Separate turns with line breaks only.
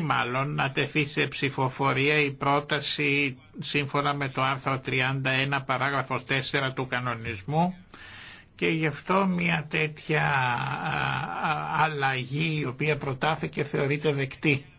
μάλλον να τεθεί σε ψηφοφορία η πρόταση σύμφωνα με το άρθρο 31 παράγραφος 4 του κανονισμού και γι' αυτό μια
τέτοια αλλαγή η οποία προτάθηκε θεωρείται δεκτή.